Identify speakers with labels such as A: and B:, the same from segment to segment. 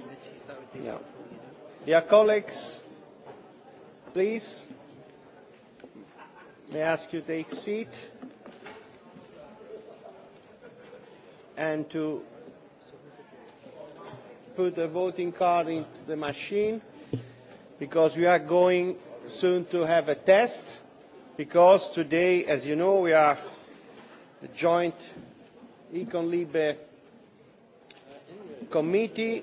A: committees, that would be yeah. helpful. You know? Yeah, colleagues, please, may I ask you to take seat and to put the voting card into the machine because we are going soon to have a test because today, as you know, we are the joint Econ Libre committee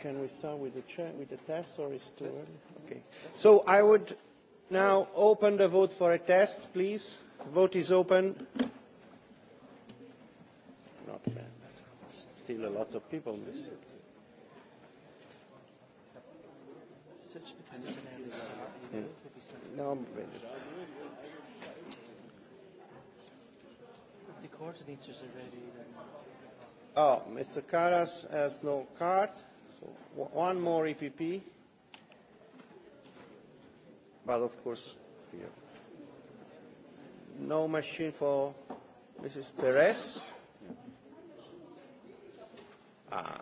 A: Can we start with the chair, with the test, or is too early? Okay. So I would now open the vote for a test, please. Vote is open. Not bad. Still a lot of people missing. Yeah. No, the coordinators are ready. Then. Oh, Mr. Karas has no card one more EPP, but of course, here. no machine for Mrs. Perez. Ah.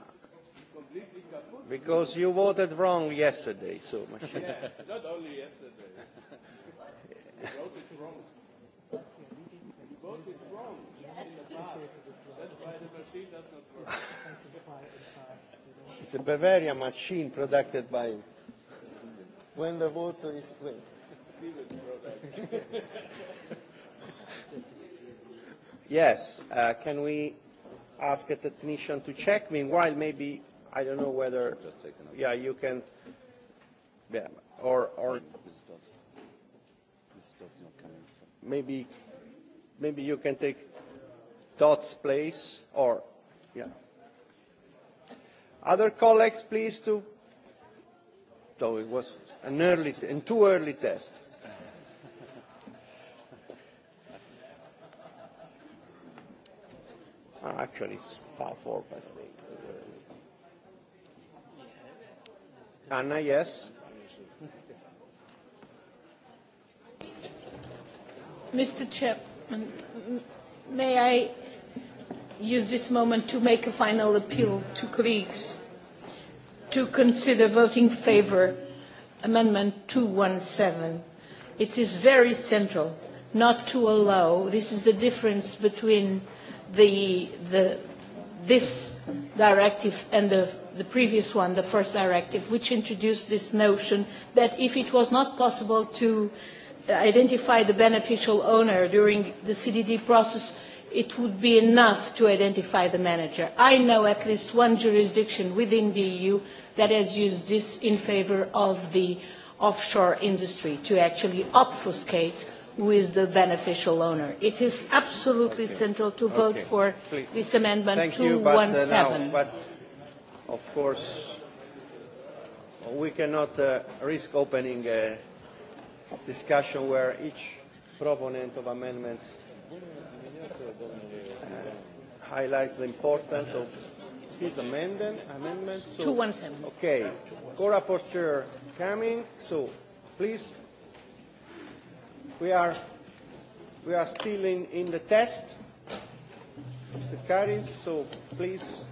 A: Because you voted wrong yesterday, so machine. Yeah, not only yesterday. you voted wrong voted wrong yes. in the past. That's why the machine does not work. it's a Bavaria machine produced by when the water is wet. yes, uh, can we ask a technician to check? Meanwhile, maybe, I don't know whether, Just take another. yeah, you can, yeah, or, or, Mrs. Dodds. Mrs. Dodds not coming. maybe maybe you can take Dot's place or, yeah. Other colleagues, please, to, though it was an early, and too early test. Ah, actually, it's far four past eight. Anna, yes? Mr. chip May I use this moment to make a final appeal to colleagues to consider voting favour Amendment 217. It is very central not to allow, this is the difference between the, the, this directive and the, the previous one, the first directive, which introduced this notion that if it was not possible to uh, identify the beneficial owner during the CDD process, it would be enough to identify the manager. I know at least one jurisdiction within the EU that has used this in favor of the offshore industry to actually obfuscate who is the beneficial owner. It is absolutely okay. central to vote okay. for Please. this amendment Thank 217. You, but, uh, now, but of course, we cannot uh, risk opening uh, discussion where each proponent of amendment uh, highlights the importance of this amendment. amendment. So, 217. Okay. Co-rapporteur coming. So, please, we are, we are still in, in the test. Mr. Karins, so please.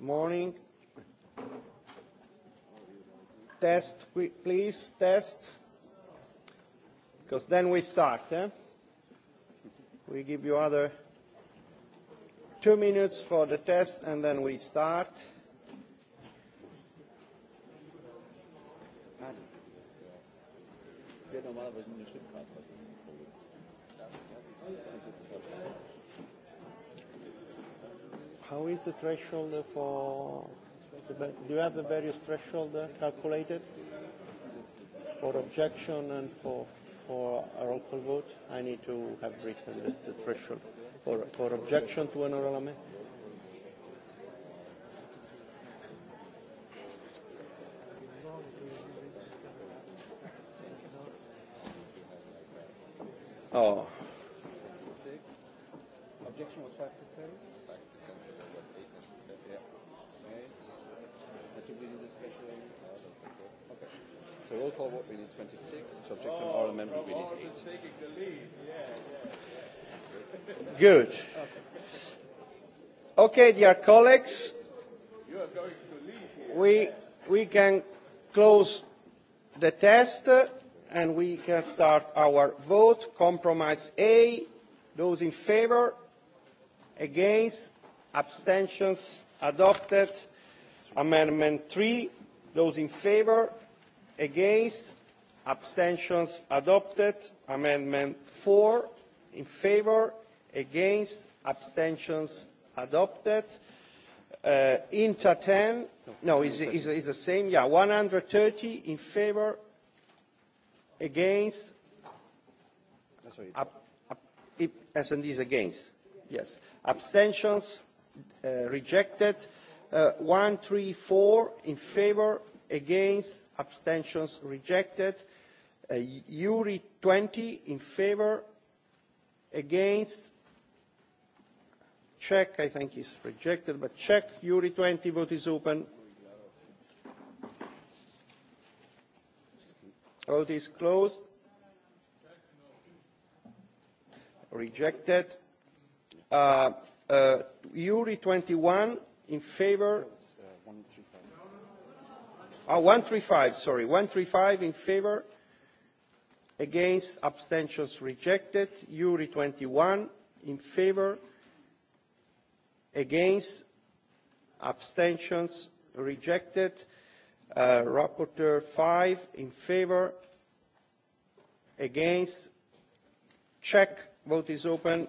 A: morning. Test, please, test. Because then we start. Eh? We give you other two minutes for the test and then we start. normalerweise nur eine How is the threshold for, do you have the various threshold calculated for objection and for, for a roll call vote? I need to have written the, the threshold for, for objection to an oral amendment. Oh. six. Objection was five So roll call vote, we need 26. To object to oral amendment, we need 8. Good. Okay, dear colleagues, you are going to lead here. We, we can close the test and we can start our vote. Compromise A, those in favour, against, abstentions, adopted. Amendment 3, those in favour, against abstentions adopted amendment four in favor against abstentions adopted uh, inter 10 no is is is the same yeah 130 in favor against s and it, is against yes abstentions uh, rejected uh, 134 in favor against abstentions rejected uh, URI 20 in favor against check I think is rejected but check URI 20 vote is open vote is closed rejected uh, uh, URI 21 in favor uh, 135, uh, sorry. 135 in favor. Against. Abstentions rejected. URI 21 in favor. Against. Abstentions rejected. Uh, rapporteur 5 in favor. Against. Check. Vote is open.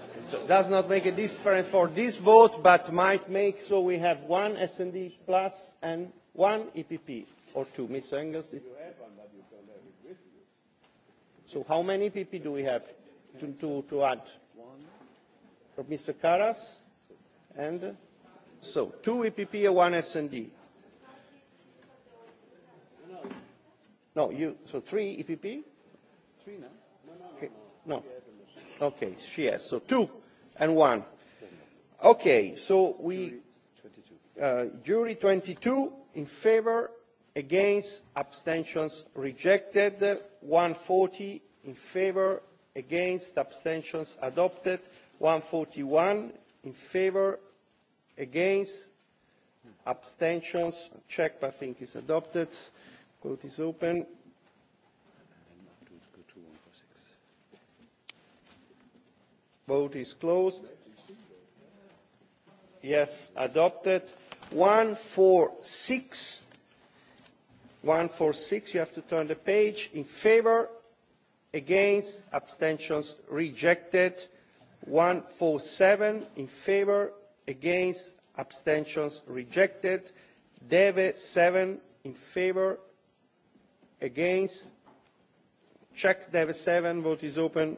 A: does not make a difference for this vote, but might make so we have one S&D plus and one EPP or two. Mr. Engels? You have one, but you don't have it with you. So how many EPP do we have to, to, to add? One. From Mr. Karas? And so two EPP and one S&D. No, you, so three EPP? Three, now. No, no, no. Okay. no. Okay, she has. So two and one. Okay, so we uh, jury 22 in favor, against, abstentions rejected. 140 in favor, against, abstentions adopted. 141 in favor, against, abstentions. Check, I think is adopted. Quote is open. vote is closed yes adopted one four six one four six you have to turn the page in favor against abstentions rejected one four seven in favor against abstentions rejected deve seven in favor against check deve seven vote is open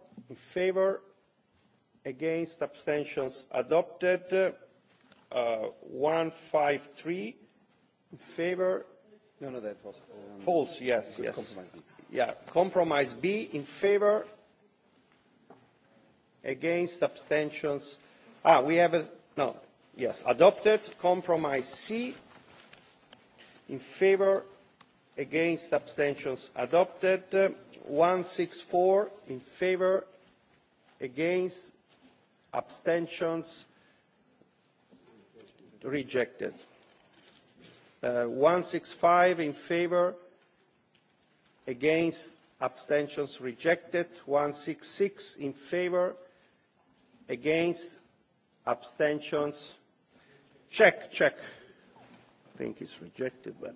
A: in favour against abstentions adopted uh, 153 in favour no no that was um, false yes yes compromise yeah compromise b in favour against abstentions ah we have a no yes adopted compromise c in favour against abstentions adopted uh, 164 in favour against abstentions rejected uh, 165 in favor against abstentions rejected 166 in favor against abstentions check check i think it's rejected but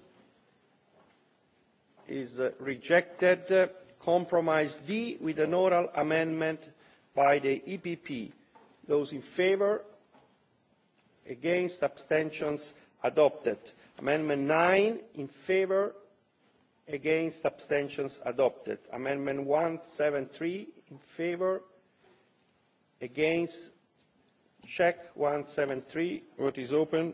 A: is rejected. Compromise D with an oral amendment by the EPP. Those in favour? Against? Abstentions? Adopted. Amendment 9 in favour? Against? Abstentions? Adopted. Amendment 173 in favour? Against? Check 173. Vote is open.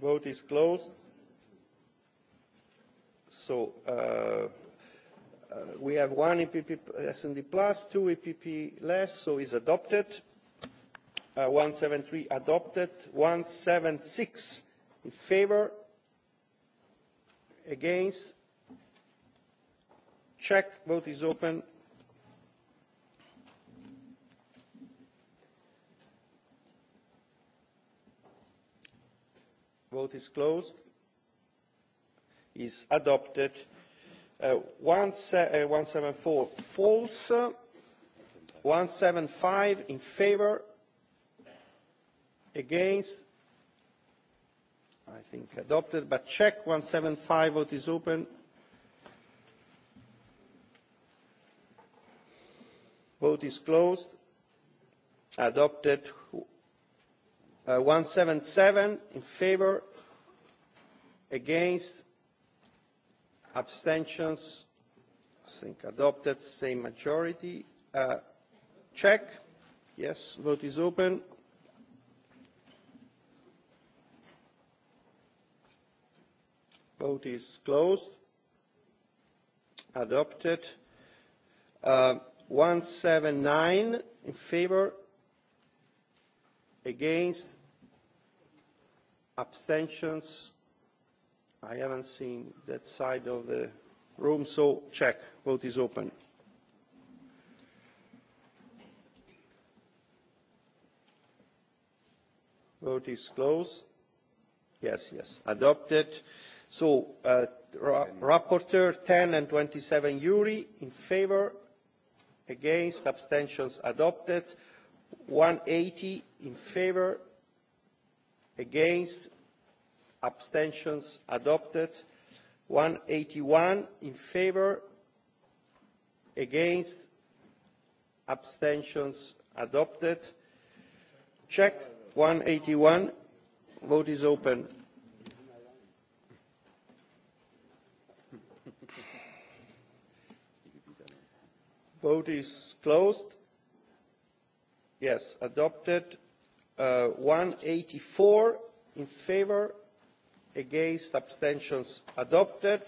A: Vote is closed. So uh, uh, we have one EPP SND plus, two EPP less, so is adopted. Uh, 173 adopted. 176 in favor. Against. Check. Vote is open. vote is closed is adopted uh, one, se uh, 174 false 175 in favor against I think adopted but check 175 vote is open vote is closed adopted 177 uh, in favor, against, abstentions, I think adopted, same majority. Uh, check. Yes, vote is open. Vote is closed. Adopted. Uh, 179 in favor, against, abstentions i haven't seen that side of the room so check vote is open vote is closed yes yes adopted so uh, ra rapporteur 10 and 27 yuri in favor against abstentions adopted 180 in favor against abstentions adopted 181 in favor against abstentions adopted check 181 vote is open vote is closed yes adopted 184 uh, in favor, against, abstentions adopted.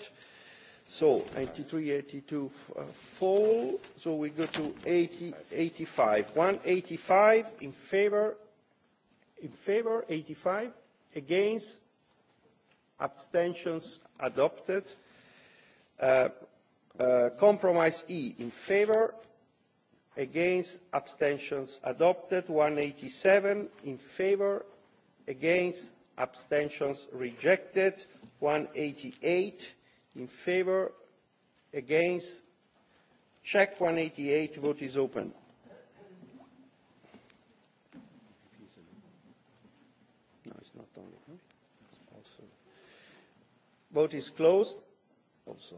A: So 93, 82 uh, fall. So we go to 80, 85. 185 in favor, in favor, 85 against, abstentions adopted. Uh, uh, compromise E in favor, against abstentions adopted one hundred and eighty seven in favour against abstentions rejected one hundred and eighty eight in favour against check one hundred and eighty eight vote is open no it's not only also vote is closed also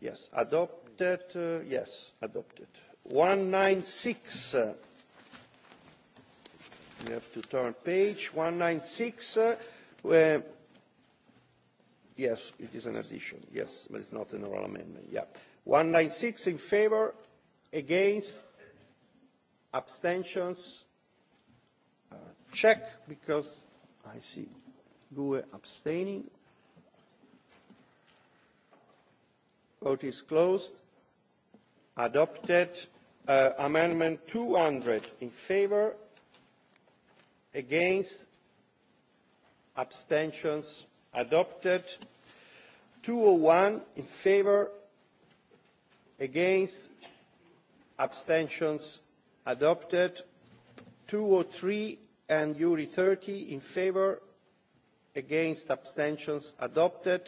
A: yes adopted uh, yes adopted 196 uh, have to turn page 196 uh, where yes it is an addition yes but it's not an oral amendment yeah 196 in favor against abstentions uh, check because i see GUE abstaining vote is closed adopted Uh, amendment 200 in favor, against, abstentions adopted. 201 in favor, against, abstentions adopted. 203 and URI 30 in favor, against, abstentions adopted.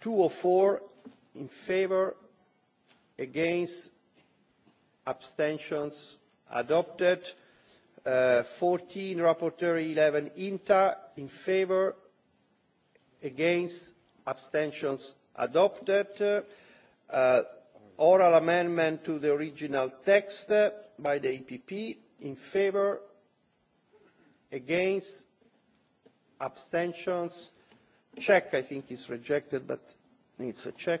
A: 204 in favor, against, abstentions adopted uh, 14 rapporteur 11 inta in favor against abstentions adopted uh, oral amendment to the original text by the epp in favor against abstentions check i think is rejected but needs a check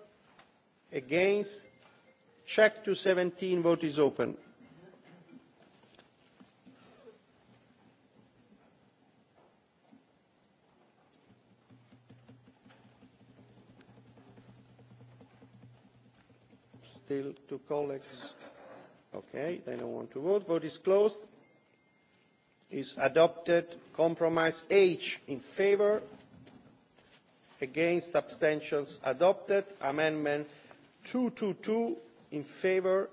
A: against check to 17 vote is open still two colleagues okay they don't want to vote vote is closed is adopted compromise h in favor against abstentions adopted amendment 222 in favour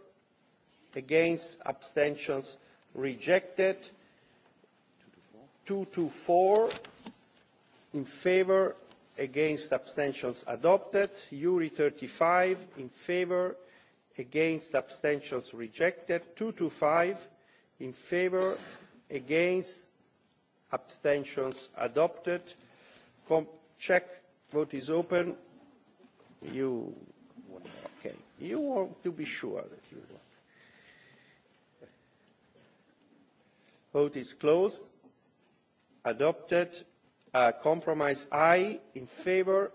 A: against abstentions rejected 224 in favour against abstentions adopted uri 35 in favour against abstentions rejected 225 in favour against abstentions adopted Com check vote is open you You want to be sure that you want. Vote is closed. Adopted. Uh, compromise I in favour.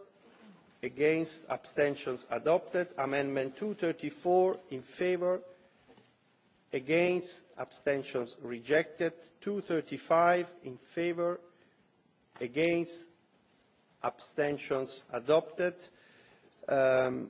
A: Against abstentions adopted. Amendment 234 in favour. Against abstentions rejected. 235 in favour. Against abstentions adopted. Um,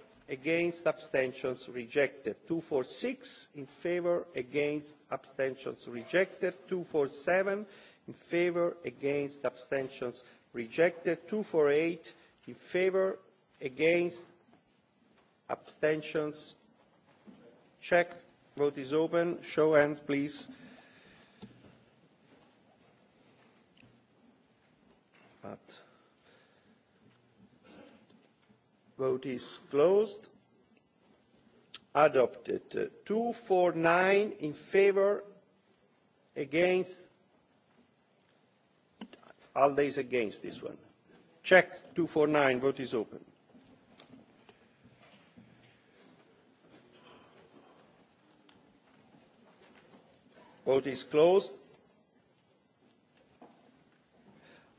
A: against abstentions rejected two four six in favour against abstentions rejected two four seven in favour against abstentions rejected two four eight in favour against abstentions check vote is open show hands please Vote is closed. Adopted. 249 uh, in favor, against. All days against this one. Check 249. Vote is open. Vote is closed.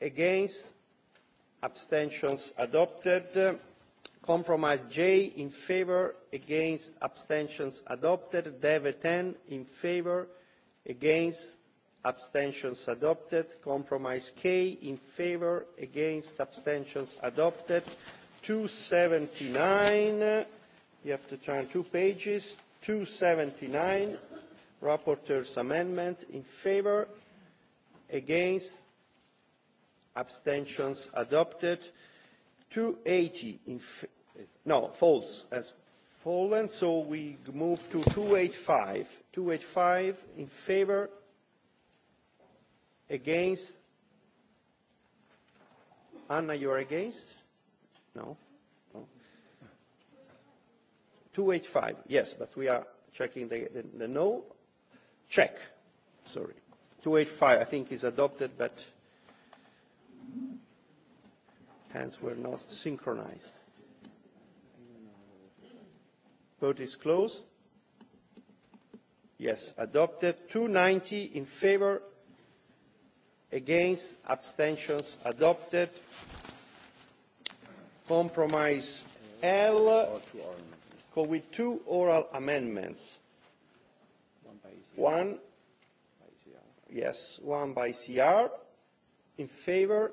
A: against abstentions adopted compromise j in favour against abstentions adopted dev 10 in favour against abstentions adopted compromise k in favour against abstentions adopted 279 you have to turn two pages 279 rapporteur's amendment in favour against abstentions adopted 280 in no false as fallen so we move to 285 285 in favor against Anna you are against no, no. 285 yes but we are checking the, the, the no check sorry 285 I think is adopted but hands were not synchronized. Vote is closed. Yes, adopted. 290 in favor, against, abstentions adopted. Compromise L with two oral amendments. One, yes, one by CR in favor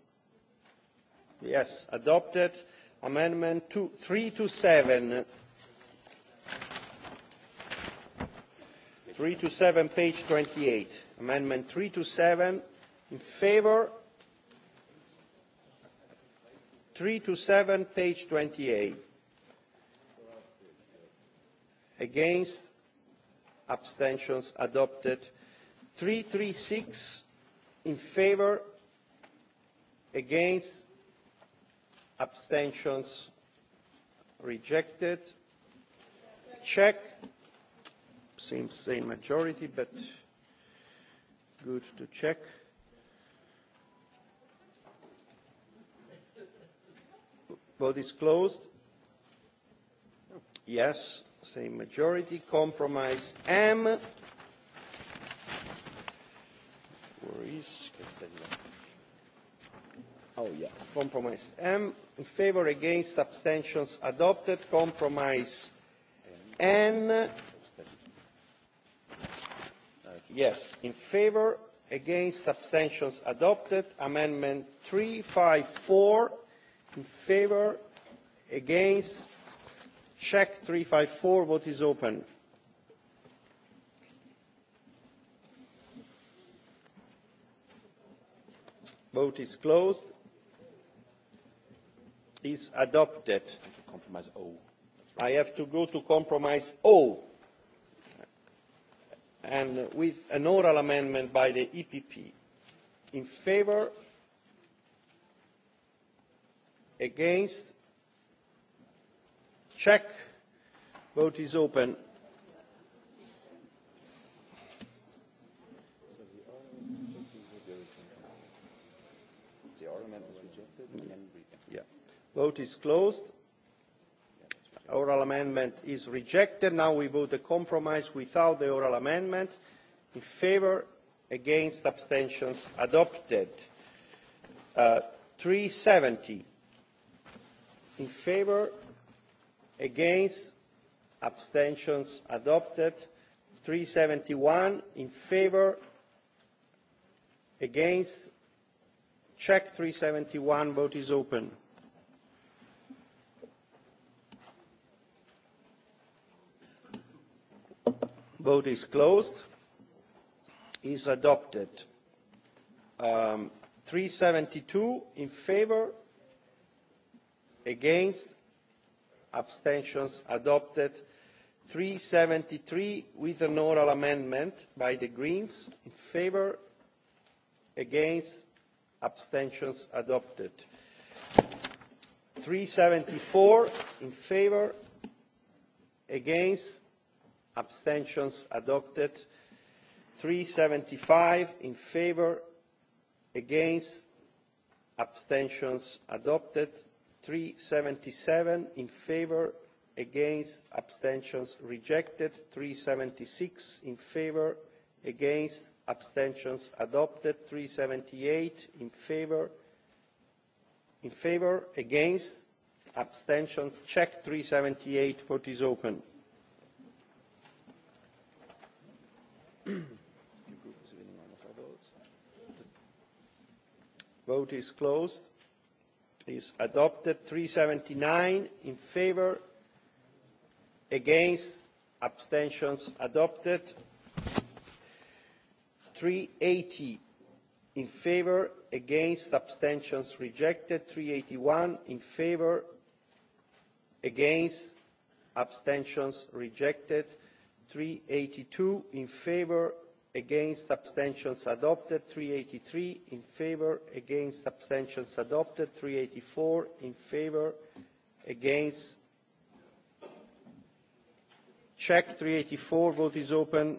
A: Yes, adopted. Amendment two, three to seven. Three to seven, page twenty-eight. Amendment three to seven, in favour. Three to seven, page twenty-eight. Against, abstentions adopted. Three three six, in favour. Against, abstentions rejected check seems same majority but good to check vote is closed yes same majority compromise m where is Castello? Oh, yeah. Compromise M. In favor, against, abstentions adopted. Compromise N. Yes. In favor, against, abstentions adopted. Amendment 354. In favor, against, check 354. Vote is open. Vote is closed is adopted. I have to go to compromise O. And with an oral amendment by the EPP. In favor? Against? Check. Vote is open. parliament is rejected and then we can. Yeah. Vote is closed. Oral amendment is rejected. Now we vote the compromise without the oral amendment. In favour, against, abstentions adopted. Uh, 370. In favour, against, abstentions adopted. 371 in favour, against, Check 371. Vote is open. Vote is closed. Is adopted. Um, 372 in favor, against, abstentions adopted. 373 with an oral amendment by the Greens in favor, against, abstentions adopted 374 in favor against abstentions adopted 375 in favor against abstentions adopted 377 in favor against abstentions rejected 376 in favor against abstentions adopted 378 in favour, in favour against abstentions check 378 vote is open vote is closed is adopted 379 in favor against abstentions adopted 380 in favour against abstentions rejected 381 in favour against abstentions rejected 382 in favour against abstentions adopted 383 in favour against abstentions adopted 384 in favour against check 384 vote is open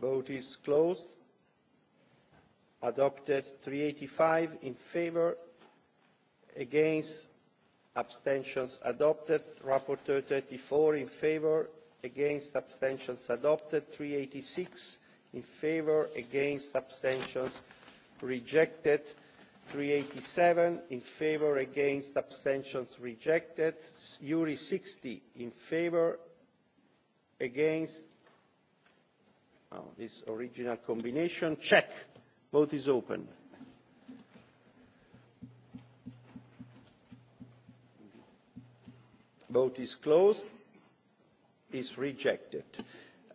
A: Vote is closed. Adopted 385 in favor, against, abstentions adopted. Rapporteur 34 in favor, against, abstentions adopted. 386 in favor, against, abstentions rejected. 387 in favor, against, abstentions rejected. URI 60 in favor, against, Oh, this original combination. Check. Vote is open. Vote is closed. Is rejected.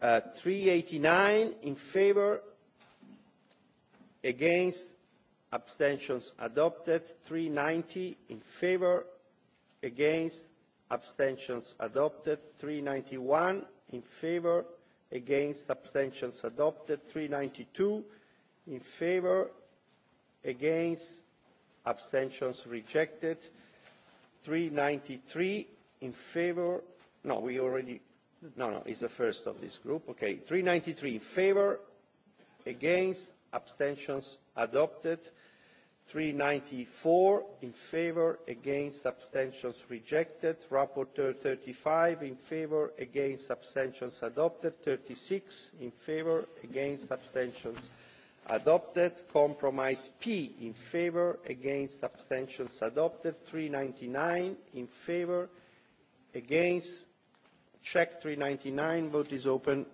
A: Uh, 389 in favor, against, abstentions adopted. 390 in favor, against, abstentions adopted. 391 in favor, against abstentions adopted three hundred and ninety two in favour against abstentions rejected three hundred and ninety three in favour no we already no no it's the first of this group okay three hundred and ninety three in favour against abstentions adopted 394 in favor against abstentions rejected rapporteur 35 in favor against abstentions adopted 36 in favor against abstentions adopted compromise p in favor against abstentions adopted 399 in favor against check 399 vote is open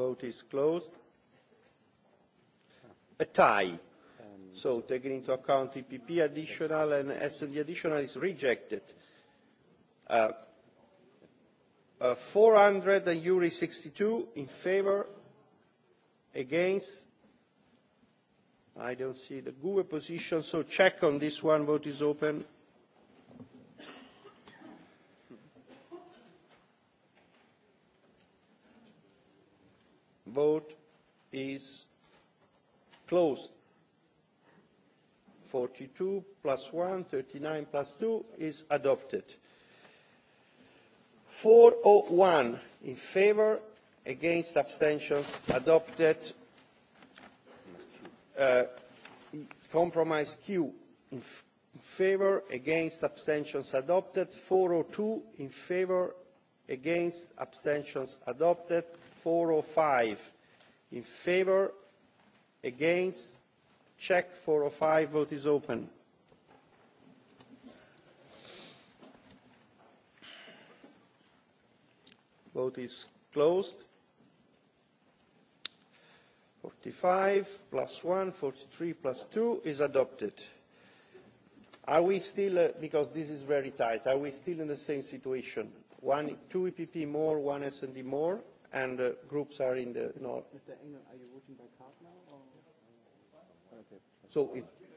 A: vote is closed. A tie. So taking into account EPP additional and S&D additional is rejected. Uh, uh, 400 and URI 62 in favor, against. I don't see the GUE position, so check on this one. Vote is open. vote is closed. 42 plus 1, 39 plus 2 is adopted. 401 in favor, against abstentions adopted. Uh, compromise Q in favor, against abstentions adopted. 402 in favor, against abstentions adopted. 405 in favor against check 405 vote is open vote is closed 45 plus 1 43 plus 2 is adopted are we still uh, because this is very tight are we still in the same situation one two epp more one sd more and uh, groups are in the north. Mr. Engel, are you voting by card now? Or? Okay. So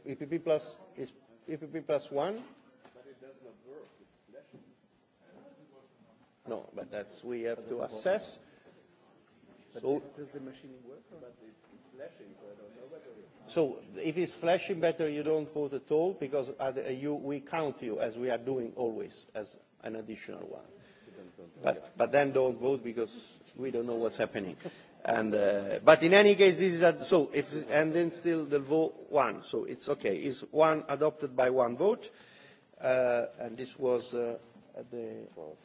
A: it, EPP plus is EPP plus one. But it does not work. It's flashing. No, but that's we have to assess. But so, does, does the machine work? Or? But it's flashing, so I don't know whether. it's So if it's flashing better, you don't vote at all because you, we count you as we are doing always as an additional one. But, but then don't vote because we don't know what's happening. And, uh, but in any case, this is a, so. If, and then still the vote one, so it's okay. It's one adopted by one vote? Uh, and this was uh, at the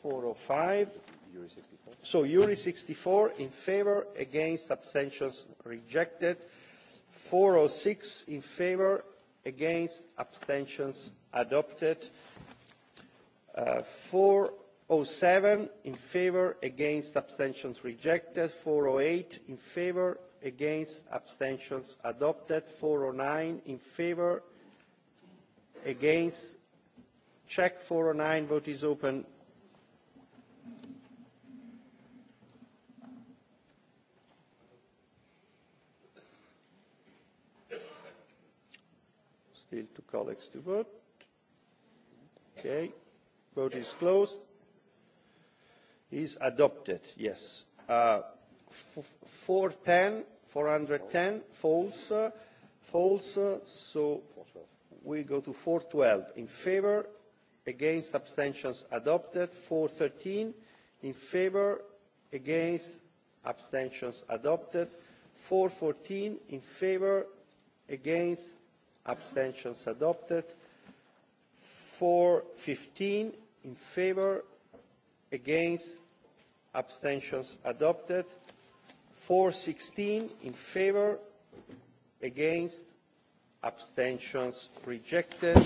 A: 405. Uri 64. So Uri 64 in favor, against abstentions rejected. 406 in favor, against abstentions adopted. Uh, 407 in favour against abstentions rejected 408 in favour against abstentions adopted 409 in favour against check 409 vote is open still two colleagues to vote okay vote is closed is adopted yes uh, 410 410 false uh, false uh, so we go to 412 in favor against abstentions adopted 413 in favor against abstentions adopted 414 in favor against abstentions adopted 415 in favor against abstentions adopted 416 in favor against abstentions rejected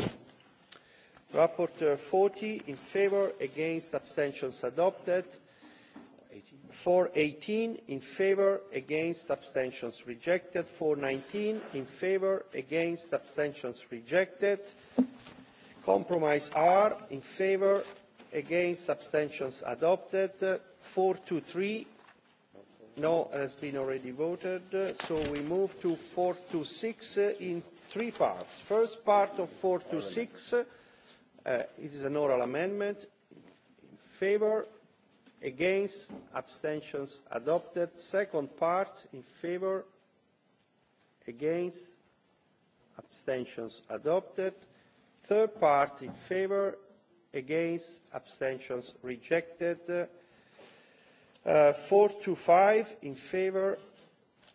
A: rapporteur 40 in favor against abstentions adopted 418 in favor against abstentions rejected 419 in favor against abstentions rejected compromise r in favor against abstentions adopted four to three no has been already voted so we move to four to six in three parts first part of four to six uh, it is an oral amendment in favour against abstentions adopted second part in favour against abstentions adopted third part in favour against abstentions rejected uh, 4 to five in favor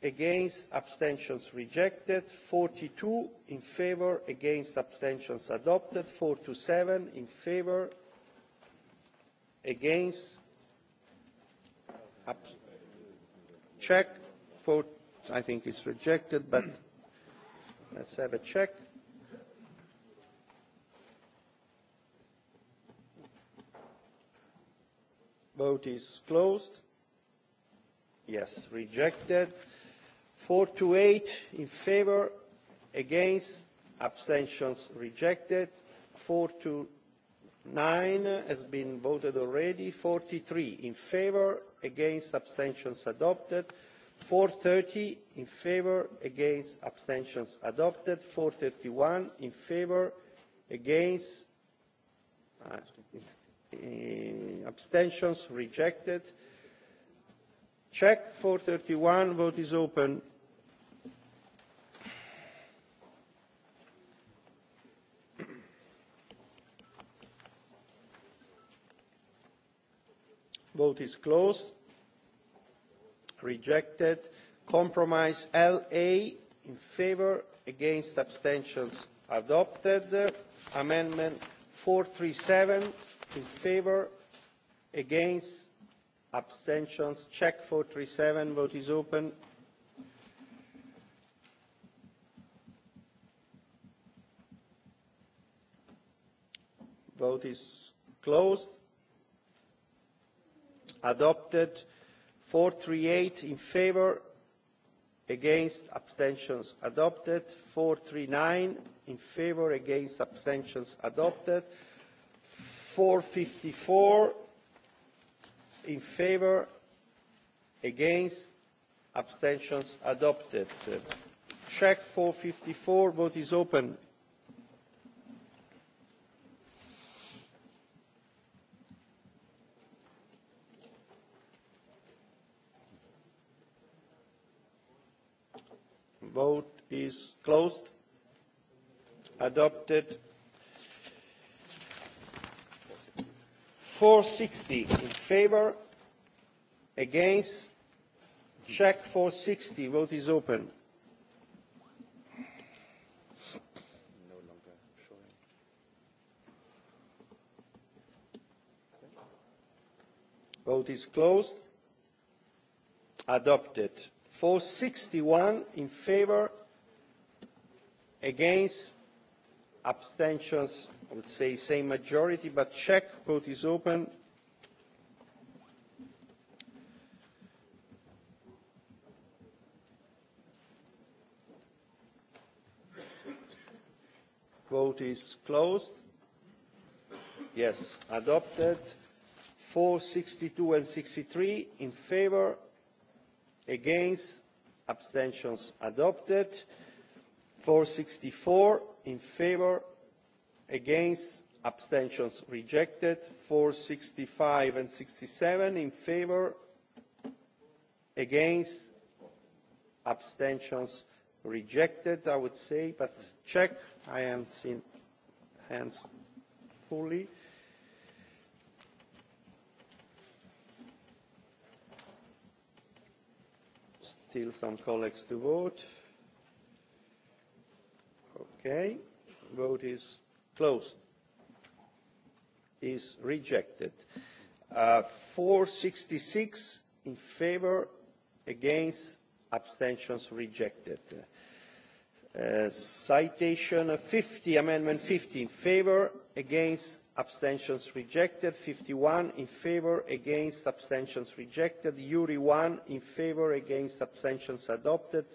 A: against abstentions rejected forty two in favor against abstentions adopted four to seven in favor against check four I think it's rejected but let's have a check vote is closed yes rejected 428 in favor against abstentions rejected 429 has been voted already 43 in favor against abstentions adopted 430 in favor against abstentions adopted 431 in favor against uh, Uh, abstentions rejected check 431 vote is open vote is closed rejected compromise la in favour against abstentions adopted amendment 437 in favour against abstentions check 437 vote is open vote is closed adopted 438 in favour against abstentions adopted 439 in favour against abstentions adopted 454 in favor against abstentions adopted check 454 vote is open vote is closed adopted 460 in favor against check 460 vote is open vote is closed adopted 461 in favor against abstentions i would say same majority, but check. Vote is open. Vote is closed. Yes, adopted. 462 and 63 in favor, against, abstentions adopted. 464 in favor, against abstentions rejected 465 and 67 in favor against abstentions rejected i would say but check i am seen hands fully still some colleagues to vote okay vote is closed is rejected uh, 466 in favor against abstentions rejected uh, citation 50 amendment 50 in favor against abstentions rejected 51 in favor against abstentions rejected uri 1 in favor against abstentions adopted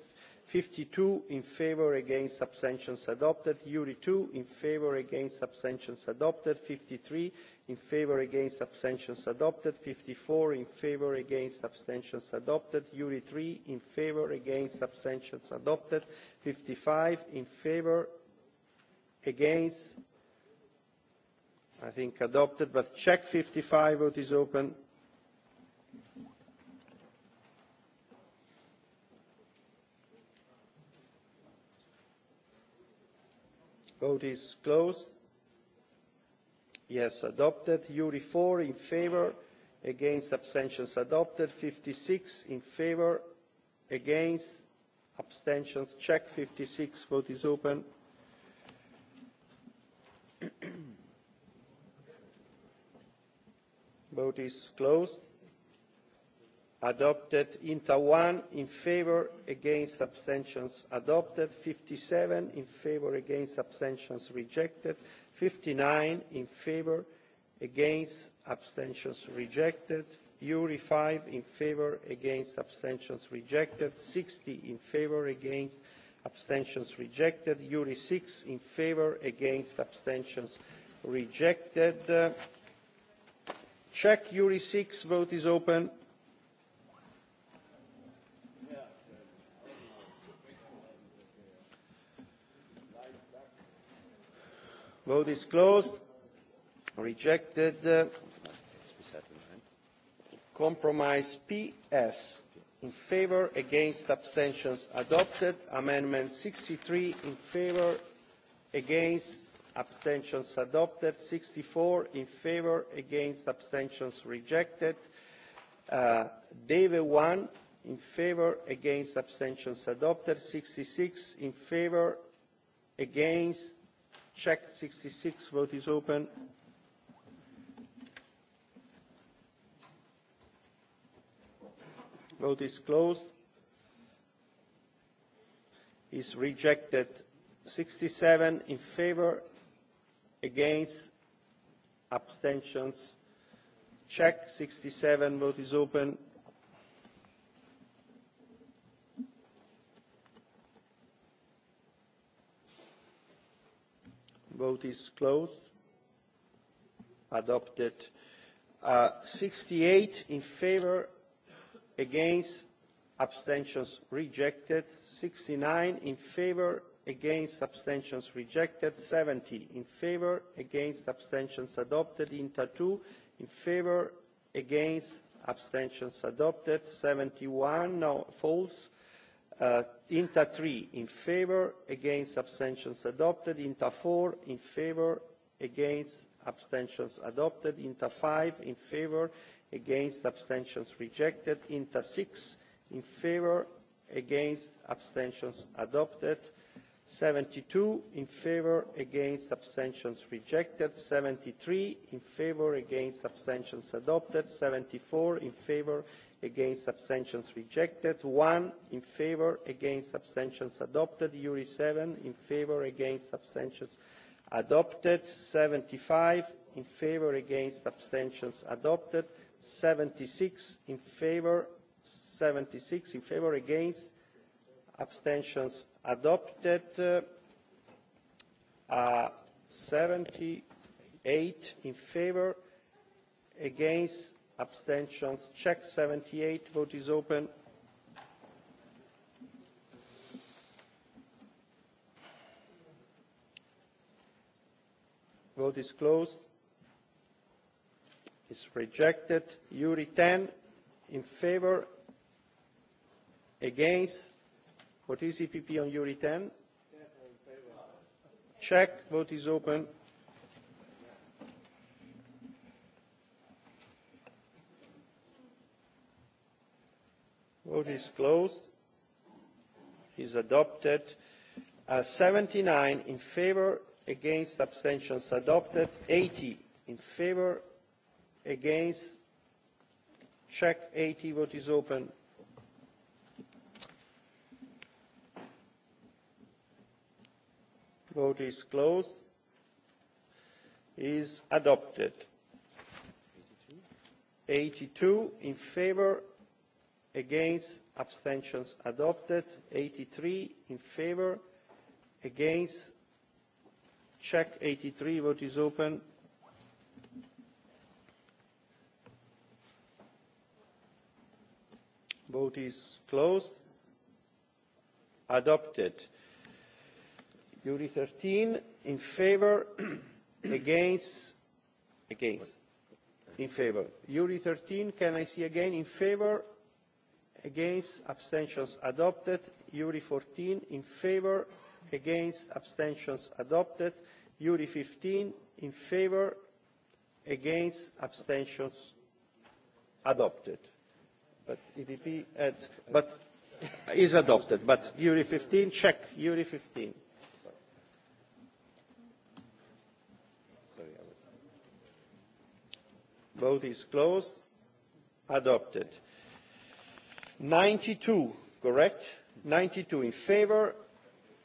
A: fifty two in favour against abstentions adopted yuri two in favour against abstentions adopted fifty three in favour against abstentions adopted fifty four in favour against abstentions adopted yuri three in favour against abstentions adopted fifty five in favour against i think adopted but check fifty five vote is open Vote is closed. Yes, adopted. URI 4 in favour. Against abstentions adopted. 56 in favour. Against abstentions. Check 56. Vote is open. Vote is closed adopted inta one in favour against abstentions adopted fifty seven in favour against abstentions rejected fifty nine in favour against abstentions rejected URI five in favour against abstentions rejected 60 in favour against abstentions rejected URI in favour against abstentions rejected uh, check URI vote is open vote is closed rejected compromise ps in favour against abstentions adopted amendment 63 in favour against abstentions adopted 64 in favour against abstentions rejected uh, deve 1. in favour against abstentions adopted 66 in favour against check 66 vote is open vote is closed is rejected 67 in favor against abstentions check 67 vote is open vote is closed. Adopted. Uh, 68 in favor, against, abstentions rejected. 69 in favor, against, abstentions rejected. 70 in favor, against, abstentions adopted. In tattoo, in favor, against, abstentions adopted. 71 no, false. Uh, inta three in favour against abstentions adopted inta four in favour against abstentions adopted inta five in favour against abstentions rejected inta six in favour against abstentions adopted 72 in favour against abstentions rejected 73 in favour against abstentions adopted 74 in favour against abstentions rejected 1 in favour against abstentions adopted URI 7 in favour against abstentions adopted 75 in favour against abstentions adopted 76 in favour 76 in favour against abstentions adopted uh, 78 uh, in favor against abstentions check 78 vote is open vote is closed is rejected uri 10 in favor against What is EPP on URI 10? Check. Vote is open. Vote is closed. Is adopted. Uh, 79 in favor, against abstentions adopted. 80 in favor, against. Check 80. Vote is open. vote is closed is adopted 82 in favor against abstentions adopted 83 in favor against check 83 vote is open vote is closed adopted Jury 13 in favor, against, against, in favor. Jury 13, can I see again in favor, against, abstentions adopted. Jury 14 in favor, against, abstentions adopted. Jury 15 in favor, against, abstentions adopted. But EPP adds, but is adopted. But Jury 15, check. Jury 15. vote is closed adopted 92, correct 92 in favor,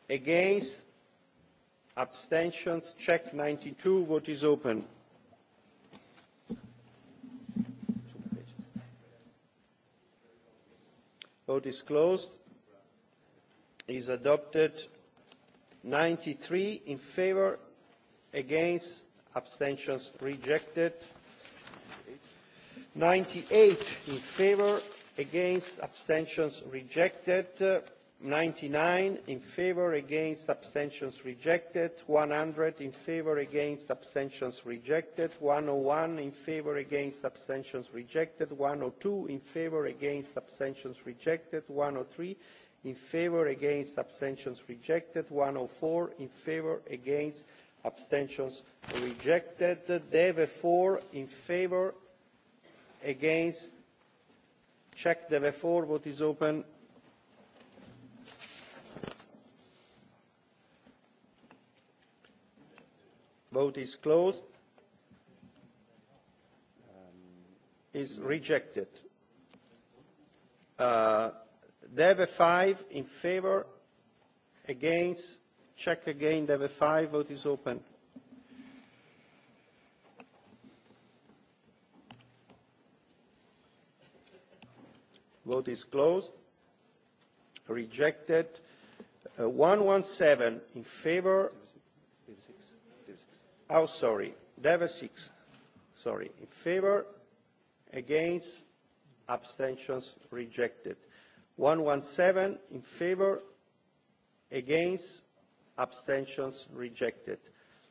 A: against abstentions check 92, vote is open vote is closed is adopted 93 in favor, against abstentions rejected 98 in favour against abstentions rejected 99 in favour against abstentions rejected 100 in favour against abstentions rejected 101 in favour against abstentions rejected 102 in favour against abstentions rejected 103 in favour against abstentions rejected 104 in favour against abstentions rejected therefore in favour against check the before vote is open vote is closed um, is rejected uh, dev five in favor against check again dev five vote is open vote is closed rejected uh, 117 in favor oh sorry deva 6 sorry in favor against abstentions rejected 117 in favor against abstentions rejected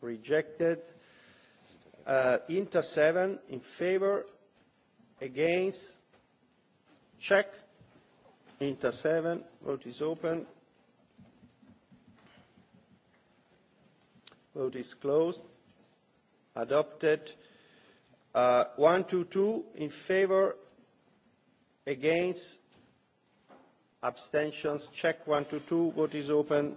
A: rejected. Uh, Inter 7 in favor, against, check. Inter 7, vote is open. Vote is closed. Adopted. Uh, 122 in favor, against, abstentions, check. 122, vote is open.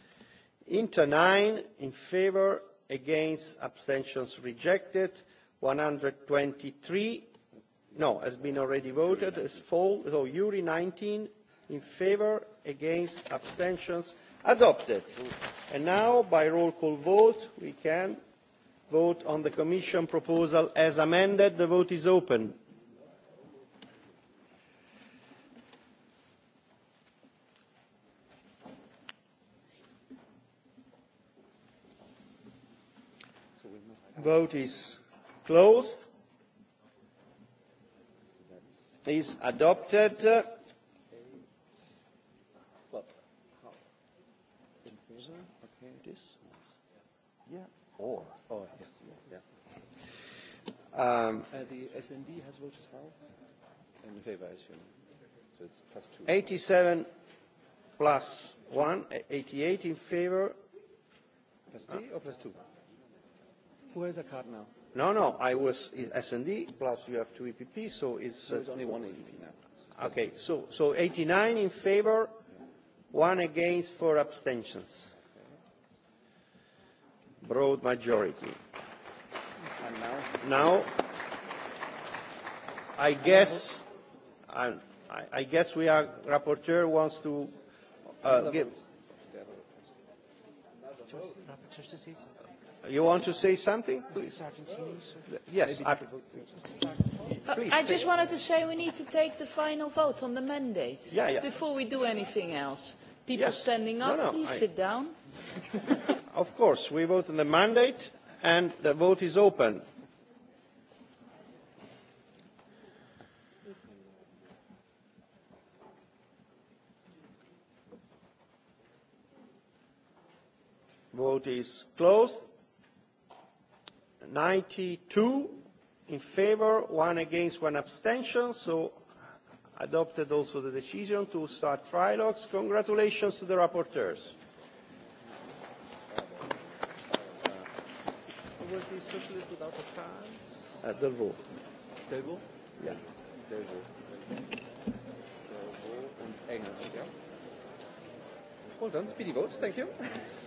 A: Inter 9 in favor, against, abstentions rejected. 123, no, has been already voted, is full. So URI 19 in favor, against, abstentions adopted. And now, by roll call vote, we can vote on the Commission proposal as amended. The vote is open. Vote is closed. Is adopted. Or. Or, Yeah. Um, uh, the SND has voted how? In favor, So it's plus two. 87 plus one, 88 in favor. Plus three uh, or plus two? Who has a card now? No, no, I was SND, plus you have two EPP, so it's... So no, it's only one EPP now. Uh, okay, so, so 89 in favor, one against, four abstentions. Broad majority. And now? Now, I guess, I, I guess we are, rapporteur wants to uh, give... Rapporteur disease? You want to say something? Yes. I, I just wanted to say we need to take the final vote on the mandate yeah, yeah. before we do anything else. People yes. standing no, up, no, no, please I... sit down. of course, we vote on the mandate and the vote is open. Vote is closed. 92 in favor, one against, one abstention. So adopted also the decision to start trilogues. Congratulations to the rapporteurs. Was the socialist without a chance? Uh, the vote. Delvaux? Yeah. Delvaux. Delvaux and Engels, yeah. Well done, speedy vote, thank you.